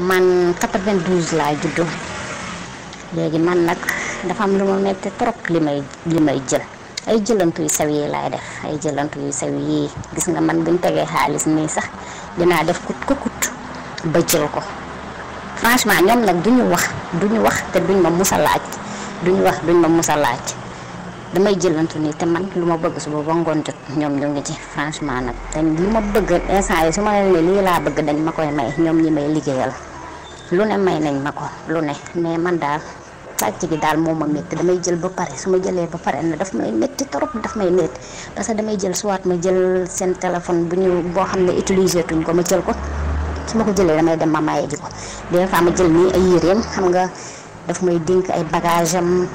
man 92 la juddou legui man nak dafa am luma metti trop limay limay jël ay jëlantuy yu sew yi lay def ay jëlantuy yu sew yi gis nga man buñu tegee xaalis ni sax dina def kut ko kut ba jël ko franchement ñom nak duñu wax duñu wax te duñ ma musa laaj duñu wax duñ ma musa laaj damay jëlantu ni te man luma ma bëgg su bo ngoon jot ñoom ñu ngi ci franchement nak te luma ma bëgg instant yi suma leen ne lii laa bëgg dañ ma koy may ñom ñi may liggéeyal lu ne may nañ mako lu ne mais man dal sàcc gi dal moma metti damay jël ba paré suma jëlé ba paré na daf may metti torop daf may métti parce que damay jël soit ma jël sen téléphone bu ñu boo ne utiliser tuñ ko ma jël ko suma ko jëlé damay dem ma maye diko ko fa ma jël ni ay yéreem xam nga daf may dink ay bagage am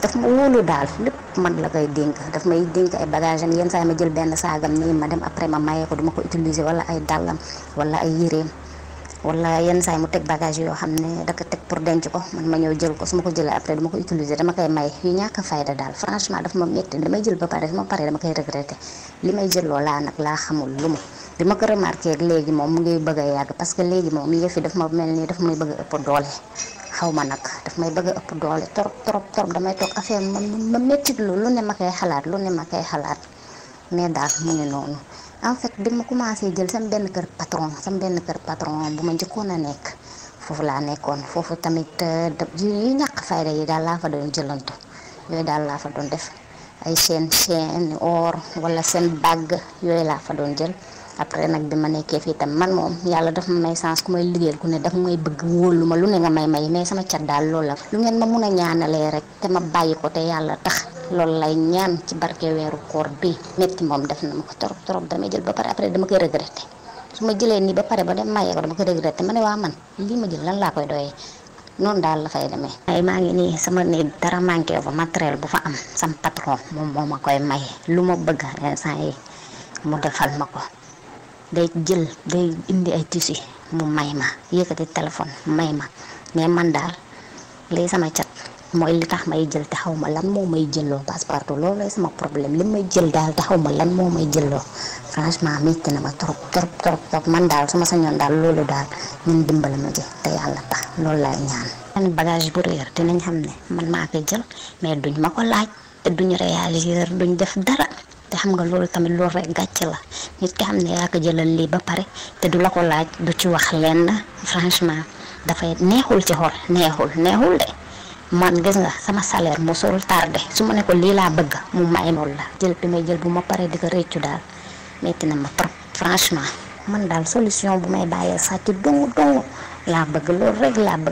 daf ma wolu dal lepp man la koy dink daf may dink ay bagage am yenn saa ma jël ben sagam ni ma dem après ma maye ko duma ko utiliser wala ay dalam wala ay yéreem wala yenn saa yi mu teg bagage yoo xam ne da teg pour denc ko man ma ñëw jël ko ma ko jëlee après dama ko utiliser dama koy may yu ñàkk a fayda daal franchement daf ma métti damay jël ma koy regretter li may jël loolaa nag xamul lu mu bi ma ko remarqué léegi moom mu ngi bëgg a yàgg parce que léegi moom yëf yi daf ma mel nii daf may ëpp doole xaw ma nag daf may bëgg ëpp doole trop trop trop damay toog affaire ma ma métti lu lu ne ma koy xalaat lu ne ma koy xalaat mais daal mu ne noonu. en fait bi ma commencé jël sama benn kër patron sama benn kër patron bu ma njëkkoon a nekk foofu laa nekkoon foofu tamit euh, yu ñàkk fayda yi daal laa fa doon jëlantu yooyu daal laa fa doon def ay chaîne chaîne or wala seen bàgg yooyu laa fa doon jël après nag bi ma nekkee fii tam man moom yàlla daf ma may chance ku may liggéeyal ku ne daf may bëgg wóolu ma lu ne nga may may mais sama cat daal loolu la lu ngeen ma mun a ñaanalee rek te ma bàyyi ko te yàlla tax loolu lay ñaan ci barke weeru koor bi métti moom def na ma ko trop trop damay jël ba pare après dama ko regretté su ma jëlee nii ba pare ba dem mayee ko dama koy regretté ma ne waa man lii ma jël lan laa koy doyee noonu daal la fay demee. ay maa ngi sama néeg dara manqué fa matériel bu fa am sam patron moom moo ma koy maye lu ma bëgg instant yi mu defal ma ko. day jël day indi ay tissu mu may ma yëkkati téléphone may ma mais man daal lay sama cat mooy li tax may jël te ma lan moo may jëlloo lo partout loolu lay sama problème li may jël daal te ma lan moo may jëlloo franchement métti na ma trop trop trop trop man daal sama ma sañoon daal loolu daal ñun ma ci te yàlla tax loolu laay ñaan. beneen bagage bu réer dinañ xam ne man maa koy jël mais duñ ma ko laaj te duñ réaliser duñ def dara te xam nga loolu tamit loolu rek gàcce la. nit ki xam ne yaa jëlal lii ba pare te du la ko laaj du ci wax lenn franchement dafay neexul ci xol neexul neexul de man gis nga sama salaire mosul tardé su ma ne ko lii laa bëgg mu may loolu la jël bi may jël bu ma paree di ko réccu daal metti na ma trop franchement man daal solution bu may bàyyee sàcc dongu dongu laa bëgg loolu rek laa bëgg.